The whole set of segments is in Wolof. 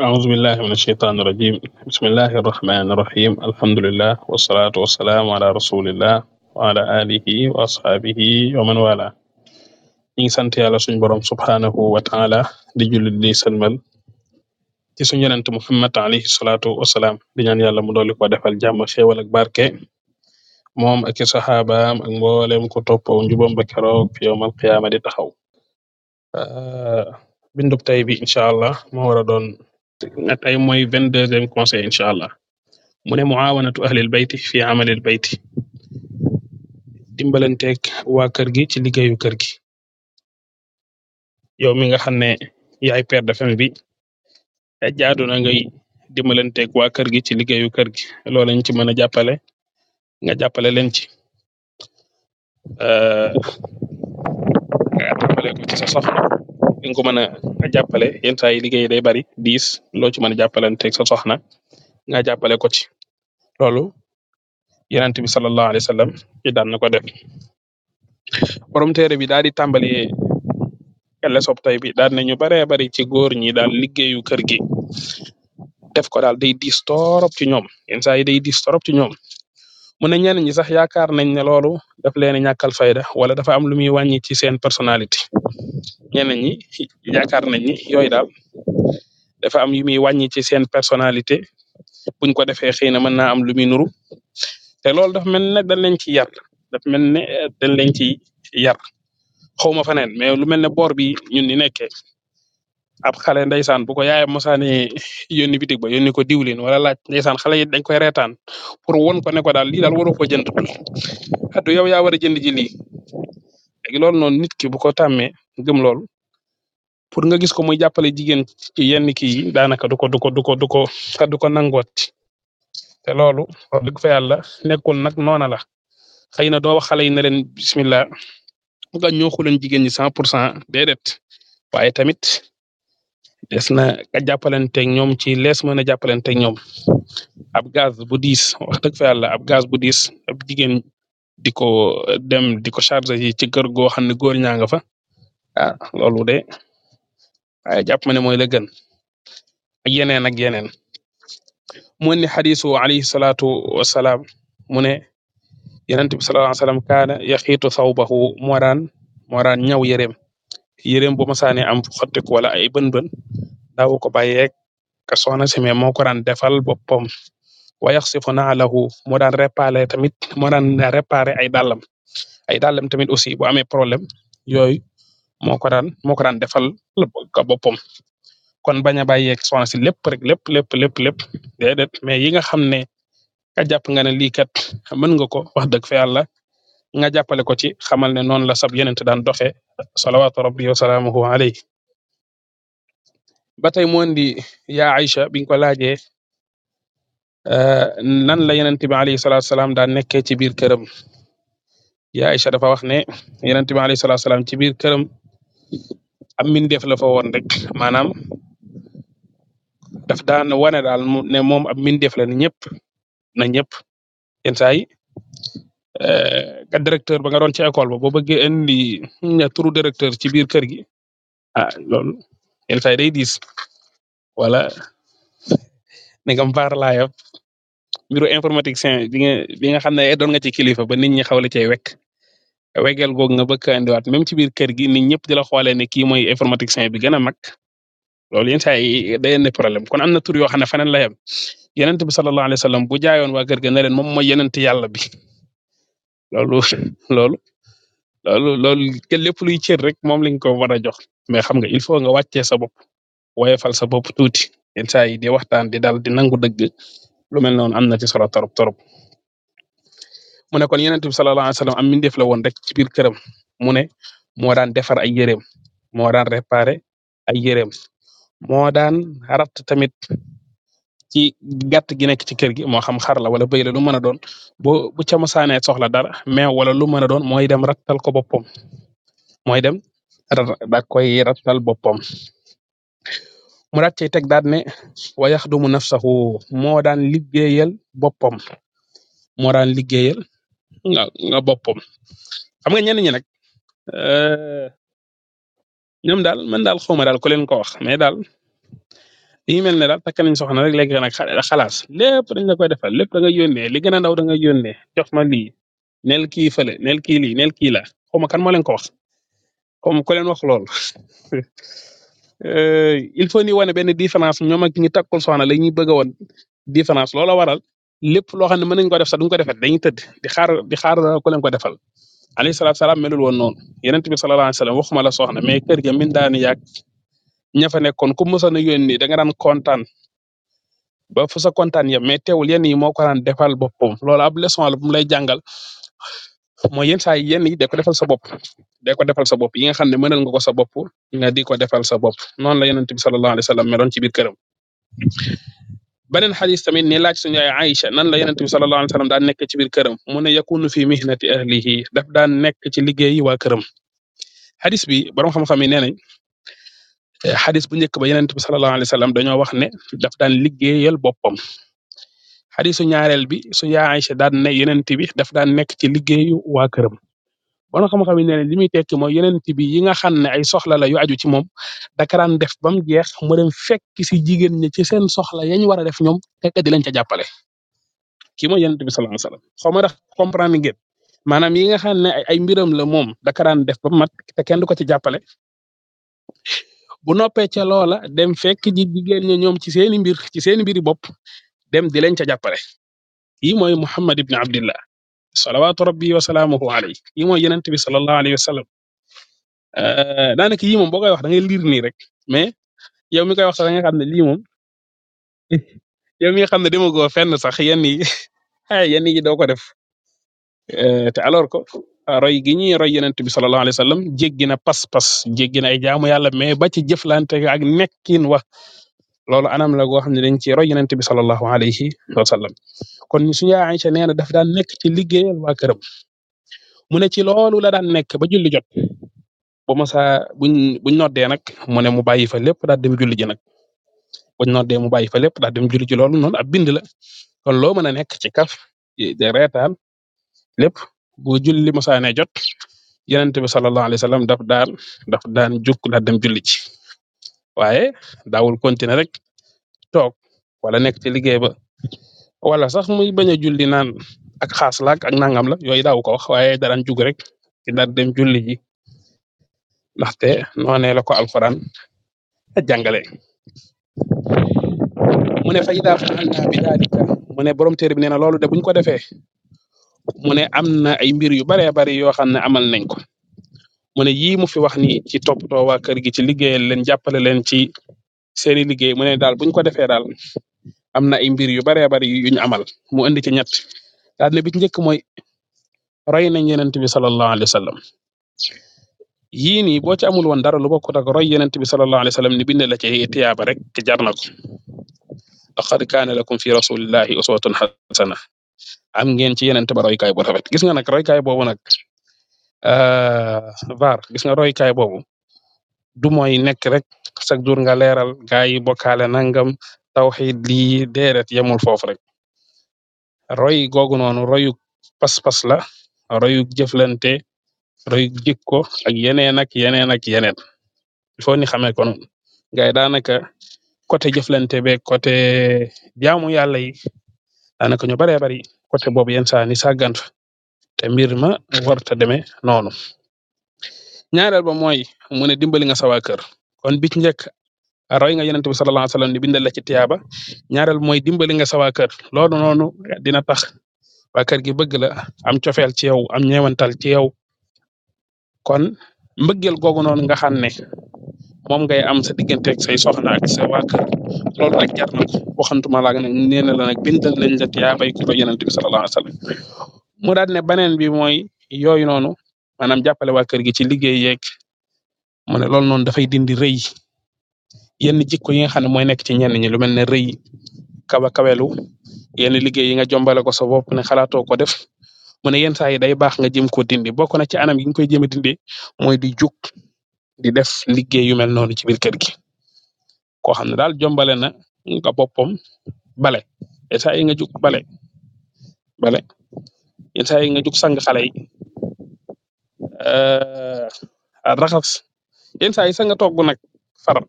أعوذ بالله من الشيطان الرجيم بسم الله الرحمن الرحيم الحمد لله والصلاة والسلام على رسول الله وعلى آله وأصحابه ومن والاه ñu ngi sant yàlla suñu borom subhaanahu wa taala di jullit di sëlmal ci suñu yonent alayhi salaatu wasalaam di ñaan yàlla mu dolli ko defal jàmm xéewal moom ak i saxaabaam ak mboolem ko toppoo fi yowmal qiyaama di taxaw ah, bindub tey bi incha allah moo tey mooy vingt deuxième conseil incha allah mu ne muawanatu ahlil bayti fi amalil bayti dimbalanteeg waa kër gi ci liggéeyu kër gi yow mi nga xam ne yaay père de famille bi jaadu na ngay dimbalanteeg waa kër gi ci liggéeyu kër gi loolu lañ ci mën a jàppale nga jàppale leen ci euh, di nga ko mën a jàppale yenn yi liggéey day bari diis loo ci mën a jàppalanteeg sa soxna nga jàppale ko ci loolu yonent bi sallallahu alayhi wa sallam ci na ko def borom téere bi daal di tàmbali kelle sob tay bi daal nañu baree bari ci góor ñi daal liggéeyu kër gi def ko daal day diis torop ci ñoom yenn saa yi day diis torop ci ñoom mu ne ñenn ñi sax yaakaar nañ ne loolu daf leen fayda wala dafa am lu muy wàññi ci seen personalité ñenn ñi yaakaar nañ ni yooyu daal dafa am yu muy wàññi ci seen personnalité buñ ko defee xëy na mën naa am lu muy nuru te loolu dafa mel ne dañ leen ci yar dafa mel ne dañ leen ci yar xawma faneen mais lu mel ne boor bi ñun ni nekkee ab xale ndeysaan bu ko yaayam mosaane yónni bitig ba yónni ko diwlin wala laaj ndeysaan xale yi dañ koy reetaan pour won ko ne ko daal lii daal waroo ko jënd addu yow yaa war a jënd ji lii léegi loolu noonu nit ki bu ko tàmmee gëm loolu pour nga gis ko muy jàppale jigéen yenn kii yi daanaka du ko du ko du ko du ko du ko nangooti te loolu wax dëgg fa yàlla nekkul nag noona la xëy na doo wax xale yi ne leen bismillah nga ñoo xuleen jigéen ñi cent pour cent déedéet waaye tamit des na nga jàppalanteeg ñoom ci lees mën a jàppalanteeg ñoom ab gaz bu diis wax dëgg yàlla ab gaz bu diis ab jigéen di ko euh, dem di ko chargé yi ci kër goo xam ne góor ñaa nga fa ah loolu de waaye jàpp ma ne mooy la gën yeneen ak yeneen mu ne xadisu alayhi salaatu wasalaam mu ne yonent bi sallallahu alayhi wasallam kaana yaxiitu moraan moraan ñaw yëreem yéreem bu masaane am xottiku wala ay bën-bën daaw ko bàyyeek ka soxna si mais moo ko daan defal boppam wayax sifu naalahu moo daan réparé tamit moo daan réparé ay dàllam ay dàllam tamit aussi bu amee problème yooyu moo ko daan moo ko daan defal ka boppam kon bañ a bàyyeek soxna si lépp rek lépp lépp lépp lépp déedéet yi nga xam ne ka jàpp nga ne lii kat mën nga ko wax dëgg fa yàlla nga jàppale ko ci xamal ne noonu la sab yonent daan doxe salawaatu rabbi wa salaamuhu alayhi ba tey moo indi yaa Aïcha biñ ko laajee euh, nan la yonent bi alayhi salaatu salaam daan nekkee ci biir këram yaa Aïcha dafa wax ne yonent bi alayhi salaatu salaam ci biir këram am mbindeef la fa woon rek maanaam daf daan wane daal ne moom ab mbindeef la ne ñëpp na ñëpp yenn saa nga eh, directeur ba nga doon ci école ba boo bëggee indi ña turu directeur ci biir kër gi ah loolu yenn saa yi day diis wala ne nga mbaar laa yab mbiru informaticien bi nga bi xam ne doon nga ci kilifa ba nit ñi xawle cay wekk wegeel googu nga bëgg indiwaat même ci biir kër gi nit ñëpp di la xoolee ne kii mooy informaticien bi gën a mag loolu yenn saa yi day problème kon am na tur yoo xam ne feneen la yem yonent bi sallallahu alayhi wasallam bu jaayoon waa kër ga ne leen moom mooy yonent yàlla bi. loolu loolu loolu loolu te lépp luy cër rek moom lañ ko war a jox mais xam nga il faut nga wàccee sa bopp woyofal sa bopp tuuti yenn saa yi di waxtaan di dal di nangu dëgg lu mel noonu am na ci solo torop torop mu ne kon yonent bi sallallahu alayhi wasallam am mindeef la woon rek ci biir këram mu ne moo daan defar ay yéreem moo daan réparer ay yéreem moo tamit ci gàtt gi nekk ci kër gi moo xam xar la wala bëy la lu mën a doon bo bu ca masaanee soxla dara mais wala lu mën a doon mooy dem rattal ko boppam mooy dem da koy rattal boppam. mu daat cey teg daat ne wa yaxdumu nafsahu moo daan liggéeyal boppam daan liggéeyal nga nga boppam xam nga ñenn ñi nag euh, ñoom daal man daal xawma daal ku leen ko wax mais daal yi mel ne daal takk nañ soxna rek léegi a xa- xalaas lépp koy defal lépp da nga yónnee li gën a ndaw da nga yónnee jox ma lii nel kii fële nel kii lii nel kii la xaw ma kan moo leen ko wax xaw ma leen wax lool. Euh, il faut ñu wane benn différence ñoom ak ñi takkul soxna la ñuy bëgg a woon différence loola waral lépp loo xam ne mën nañ ko def sax duñ ko defat dañuy tëdd di xaar di xaar ku leen ko defal. alayhi salaatu salaam melul woon noonu yonent bi sallallahu alayhi wasallam waxuma la soxna mais kër ga min daani yàgg ña fa nekkoon ku mos a yónni da nga daan kontaan ba fu sa kontaan yem mais yi moo ko daan defal boppam loolu ab leçon la bu mu lay jàngal mooy yenn saa yi yenn yi ko defal sa bopp da ko defal sa bopp yi nga xam ne mënal nga ko sa bopp di ko defal sa bopp noonu la yonent bi sallallahu alayhi wa sallam meloon ci biir këram. beneen xadis tamit ni laaj suñu yaay nan la yonent bi sallallahu alayhi wa sallam daan nekk ci biir këram mu ne yakunu fi mihnati ahlihi daf daan nekk ci liggéeyi waa këram xadis bi borom xam-xam yi nee nañ xadis bu njëkk ba yonent bi sallallahu alayhi wa sallam dañoo wax ne daf daan liggéeyal boppam xadisu ñaareel bi su ya Aysa daan ne yonent bi daf daan nekk ci liggéeyu waa këram bon xam-xam yi ne li muy tekki mooy yonent bi yi nga xam ne ay soxla la yu aju ci moom daka daan def ba mu jeex mu dem fekk si jigéen ñi ci seen soxla yañ war a def ñoom fekk di ca jàppale kii mooy yonent bi sallallahu alayhi wasallam xaw ma ndax comprendre ngeen maanaam yi nga xam ne ay mbiram la moom daka daan def ba mat te kenn du ko ci jàppale bu noppee ca loola dem fekk ji jigéen ñi ñoom ci seeni mbir ci seeni mbiri bopp dem di leen ca jàppale kii mooy Muhammad ibn Abdillah salawaatu rabbi wa salaamuhu alayhi kii mooy yonent bi sallallahu alayhi wa sallam euh, daanaka yii moom boo koy wax da ngay nii rek mais yow mi koy wax sax da nga xam ne lii moom mi xam ne demagoo fenn sax yenn yi yenn yi doo ko def euh, te alors ko roy gi ñuy roy yonent bi sallallahu alayhi wasallam jéggi na pas-pas jéggi na ay jaamu yàlla mais ba ci jëflante ak nekkin wax loolu anam la goo xam ne dañ ci roy yonent bi sallallahu alayhi wasallam kon suñu Aïcha nee na daf daal nekk ci liggéeyal waa këram mu ne ci loolu la daan nekk ba julli jot bu ma saa buñ buñ noddee nag mu ne mu bàyyi fa lépp daal dem julli ji nag buñ noddee mu bàyyi fa lépp daal dem julli ji loolu noonu ab bind la kon loo a nekk ci kaf de reetaan bu julli musaane jot yonent bi sallallahu alayhi wasallam daf daan daf daan jug daal dem julli dawul waaye rek toog wala nekk ci liggéey ba wala sax muy bañ a julli naan ak xaas la ak nangam la yooyu daaw ko wax waaye daraan jug rek ci dem julli ji ndaxte noonee la ko alquran jàngale mu ne fa borom téere bi nee na loolu de buñ ko defee mu ne am na ay mbir yu baree bari yoo xam ne amal nañ ko mu ne yii mu fi wax ni ci toppatoo waa kër gi ci liggéeyal leen jàppale leen ci seeni liggéey mu ne daal buñ ko defee daal am na ay mbir yu bare bari yu ñu amal mu indi ci ñett daal ne bi ci njëkk mooy roy nañ yenent bi sallallahu alayhi wa sallam yii nii boo ci amul woon dara lu bokkut ak roy yenent bi sallallahu alayhi wa ni bind la ci tiyaaba rek jar na ko laqad kaana lakum fi rasulillahi uswatun hasana am ngeen ci yeneen ba roykaay bu rafet gis na nag roykaay boobu nag euh, var gis na roykaay boobu du mooy nekk rek chaque jour nga leeral gaa yi bokkaale nangam tawxid lii déeret yemul foofu rek roy googu noonu royuk pas-pas la royu jëflante royuk jikko ak yeneen ak yeneen ak yeneen il faut ni daanaka côté jëflante be côté jaamu yàlla yi daanaka ñu baree bari côté boobu yenn saa ni sàggant te mbir ma warta demee noonu. ñaareel ba mooy mu ne dimbali nga sa waa kon bi ci njëkk roy nga yonent bi sallallahu alayhi wasallam ni bindal la ci tiyaaba ñaareel mooy dimbali nga sa waa kër loolu noonu dina tax waa gi bëgg la am cofel ci yow am ñeewantal ci yow kon mbëggeel googu noonu nga xam ne moom ngay am sa diggante ak say soxna ak sa waa kër loolu nag jar na ko waxantuma laag nee la nag bindal lañ la tiyaabay ku ko yonent bi sallallahu daal ne beneen bi mooy yooyu noonu maanaam jàppale waa kër gi ci liggéey yeeg mu ne loolu noonu dafay dindi rëy yenn jikko yi nga xam ne mooy nekk ci ñenn ñi lu mel ne rëy kawa kawelu yenn liggéey yi nga jombale ko sa bopp ne xalaatoo ko def mu ne yenn saa yi day baax nga jëm ko dindi bokk na ci anam yi nga koy jëm a dindi mooy di jug di def liggéey yu mel noonu ci biir kër gi koo xam ne daal jombale na nga bale yenn saa yi nga jug bale bale yenn yi nga jug sang xale raxas yenn saa yi sa nga togg nag faral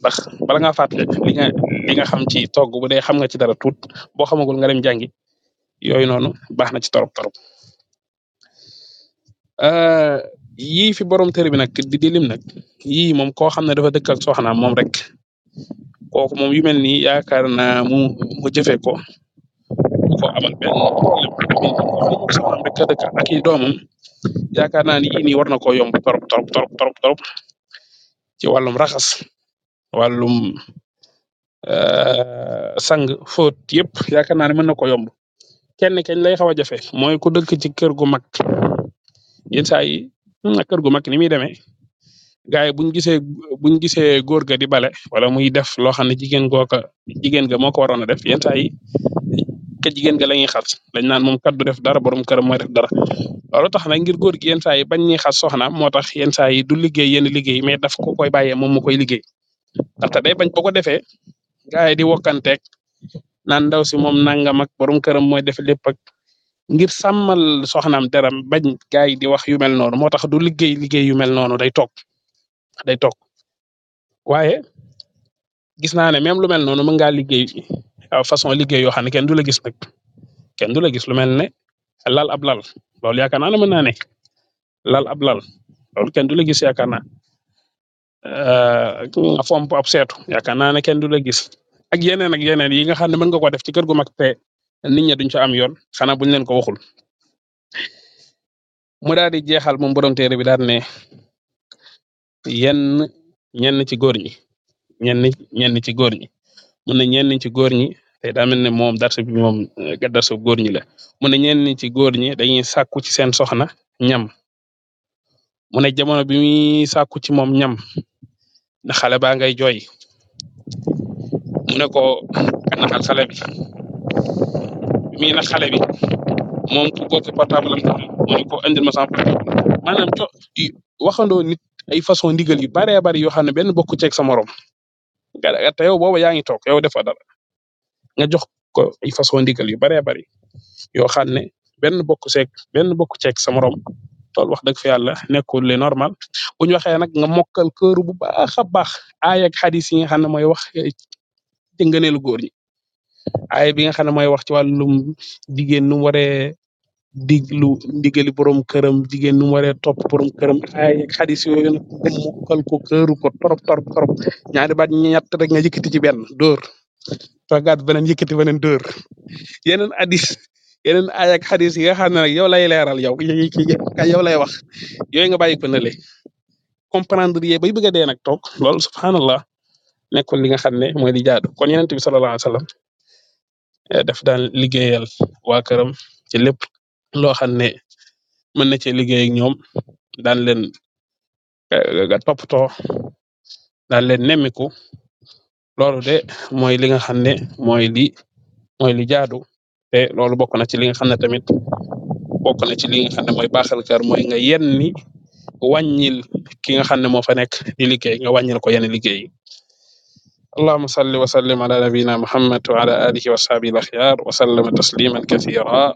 ndax bala ngaa fàttali li nga xam ci togg bu dee xam nga ci dara tuut boo xamagul nga dem jàngi yooyu noonu baax na ci torop torop euh, yii fi borom tër bi nag nag yii moom koo xam ne dafa dëkk ak soxnaam moom rek kooku moom yu mel nii yaakaar naa mu mu jëfee ko ko amal benn soxnaam naa ni yii nii war na koo yomb torop torop torop torop ci wàllum raxas wàllum euh, sang fóot yëpp yaakaar naa ne mën na ko yomb kenn kañ lay xaw a jafe mooy ku dëkk ci kër gu mag yenn saa yi xam nga kër gu mag ni muy demee gaay buñ gisee buñ gisee góor ga di bale wala muy def loo xam ne jigéen goo ko jigéen ga moo ko waroon a def yenn saa yi ka jigéen ga lañuy xas dañ naan moom kat du def dara borom këram mooy def dara loolu tax na ngir góor gi yenn saa yi bañ ñuy xas soxna moo tax yenn saa yi du liggéey yenn liggéey mais daf ko koy bàyyee moom mu koy liggéey ndaxte day bañ boo ko defee gaay di wokkanteeg naan ndaw si moom nangam ak borom këram mooy def lépp ngir sàmmal soxnaam deram bañ gaay yi di wax yu mel noonu moo tax du liggéey liggéey yu mel noonu day toog day toog waaye gis naa ne même lu mel noonu mën ngaa liggéey façon liggéey yoo xam ne kenn du la gis nag kenn du la gis lu mel ne lal ab lal loolu yaakaar naa ne mën naa ne lal ab lal loolu kenn du la gis yaakaar naa fomp ab seetu yaakaar naa ne kenn du la gis. ak yeneen ak yeneen yi nga xam ne mën nga ko def ci kër gu mag te nit ñi duñ ca am yoon xanaa buñ leen ko waxul mu daal di jeexal moom borom téere bi daal ne yenn ñenn ci góor ñi ñenn ñenn ci góor ñi mu ne ñenn ci góor ñi te daa mel ne moom darsu bi moom eh, darsu góor ñi la mu ne ñenn ci góor ñi dañuy sàkku ci seen soxna ñam mu ne jamono bi muy sàkku ci moom ñam na xale baa ngay jooy mu ko nga naxal xale bi mii na xale bi moom ku góor ki portable am mu ne ma sama portable maanaam co waxandoo nit ay façon ndigal yu baree bari yoo xam ne benn bokku ceeg sa morom nga te yow booba yaa ngi toog yow defoo dara nga jox ko ay façon ndigal yu baree bari yoo xam ne benn bokku ceeg benn bokku ceeg sa morom tool wax dëgg fa yàlla nekkul le normal bu ñu waxee nag nga mokkal këru bu baax a baax aay ak xadis yi xam ne mooy wax ci ngëneelu góor ñi aaya bi nga xam ne mooy wax ci wàllum jigéen nu mu waree diglu ndigali borom këram jigéen nu mu waree topp borom këram aaya xadis yooyu nag ku ko këru ko torop torop torop ñaari baat ñett rek nga yëkkati ci benn dóor tagaat beneen yëkkati beneen dóor yeneen hadis yeneen aaya ak xadis yi yow lay leeral yow lay wax yooyu nga bàyyi ko le comprendre yee bay bëgg a dee subhanallah nekkul li nga xam ne mooy li jaadu kon yonent bi sallallahu alayhi wa sallam eh, daf daan liggéeyal waa këram ci lépp loo xam ne mën na cee liggéey ak ñoom daan leen eh, toppatoo daan leen nemmiku loolu de mooy li nga xam ne mooy li mooy li jaadu te loolu bokk na ci li nga xam ne tamit bokk na ci li nga xam ne mooy baaxal kër mooy nga yenni wàññil ki nga xam ne moo fa nekk liggéey nga wàññil ko yenn liggéey اللهم صل وسلم على نبينا محمد وعلى آله وأصحابه الأخيار وسلم تسليما كثيرا